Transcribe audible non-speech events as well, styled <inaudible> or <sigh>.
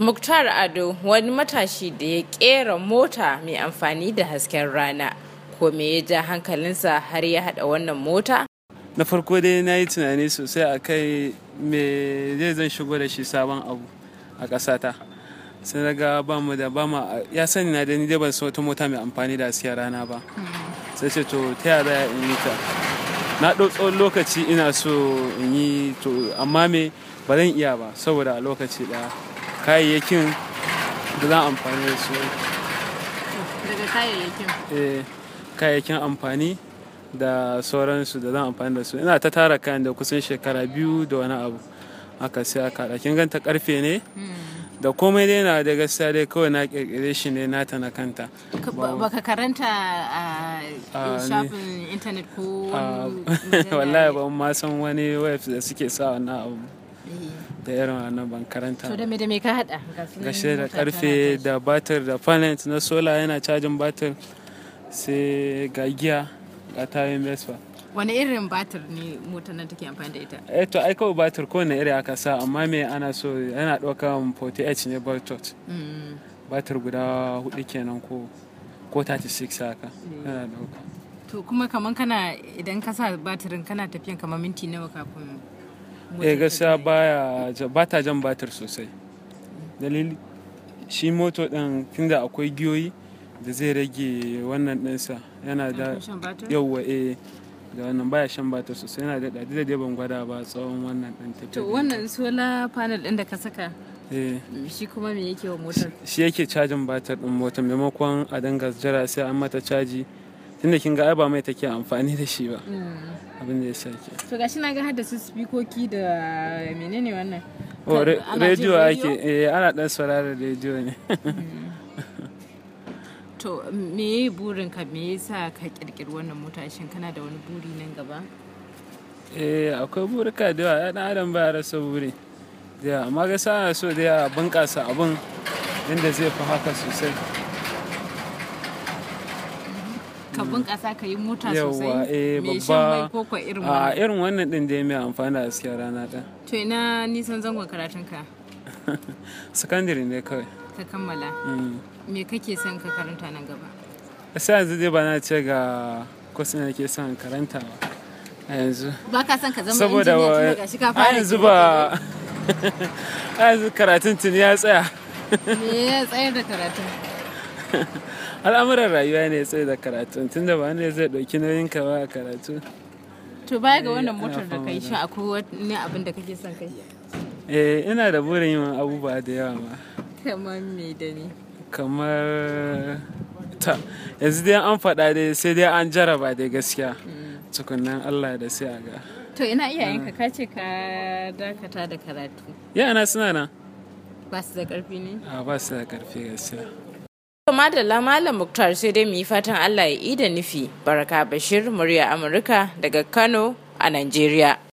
Muktar Ado wani matashi da ya kera mota mai amfani da hasken rana, ko me ya ja hankalinsa har ya hada wannan mota? Na farko dai na yi tunani sosai a kai me zai zan shigo da shi sabon abu a ƙasata. Sun na ba mu da ba ma ya sani na dani dai ban wata mota mai amfani da hasken rana ba. Sai ce to ta yaya in yi ta. Na ɗau lokaci ina so in yi to amma me ba zan iya ba saboda a lokaci ɗaya. kayayyakin da za a amfani da su daga kayayyakin eh, kayayyakin amfani da sauransu da zan amfani da su ina ta tara kayan da kusan shekara biyu da wani abu aka sai aka kin ganta karfe ne hmm. da komai dai na da gaskiya dai kawai na kirkire shi ne nata na kanta Ba ka karanta a shafin intanet ko <laughs> wallahi ba ma san wani web da suke sa wannan abu eh. da irin wannan ban karanta to da me da me ka hada gashi da karfe da batir da panel na solar yana cajin batir sai ga giya ga tayoyin vespa wani irin batir ne motar nan take amfani da ita eh to ai kawai batir ko ne iri aka sa amma me ana so yana ɗaukan 40h ne voltage mm. batir guda hudu kenan ko ko 36 haka eh. yana ɗauka to kuma kaman kana idan ka sa batirin kana tafiyan kamar minti nawa kafin eh gaskiya baya ba ta jan batir sosai dalili shi moto din tunda akwai giyoyi da zai rage wannan ɗinsa yana da yawa eh da wannan baya shan batar sosai yana da dadi da dai ban gwada ba tsawon wannan ɗin ta to wannan solar panel ɗin da ka saka eh. shi kuma me yake wa motar shi yake cajin batar ɗin motar maimakon a dinga jira sai an mata caji tunda kin ga ai ba mai take amfani da shi ba mm. abin da ya sake to gashi na ga hada su spikoki da menene wannan oh rediyo ake eh ana dan saurara rediyo ne <laughs> to me yi burin ka me yasa ka kirkiri wannan mota shin kana da wani buri nan gaba eh akwai burika da yawa dan adam ba rasa buri da amma amma sa so da ya bunkasa abun yadda zai fi haka sosai ka bunƙasa ka yi mota sosai eh, mai shan mai koko irin wani. wannan irin wannan din dai mai amfani da gaskiya rana ta to ina nisan zangon karatun ka <laughs> secondary ne kawai ka kammala mm. me kake son ka karanta nan gaba sai yanzu dai ba na ce ga kwasin da ke son karanta ba a yanzu ba ka son ka zama saboda a yanzu ba <laughs> a yanzu karatun tuni ya tsaya me ya tsayar da karatun <laughs> al'amuran rayuwa ne sai da karatu da ba ne zai ɗauki nauyin ka ba a karatu to baya ga eh, wannan motar da kai shi akwai wani abin da kake son kai eh ina da burin yin abubuwa da yawa ma kamar me da ni kamar ta yanzu dai an faɗa dai sai dai an jaraba dai gaskiya mm. tukunan Allah da sai a ga to ina iyayenka mm. ka ce ka dakata da karatu yana suna na ba su da karfi ne a ba su da karfi gaskiya madalla malam muktar sai dai mu fatan allah ya ida nufi baraka bashir murya amurka daga kano a nigeria.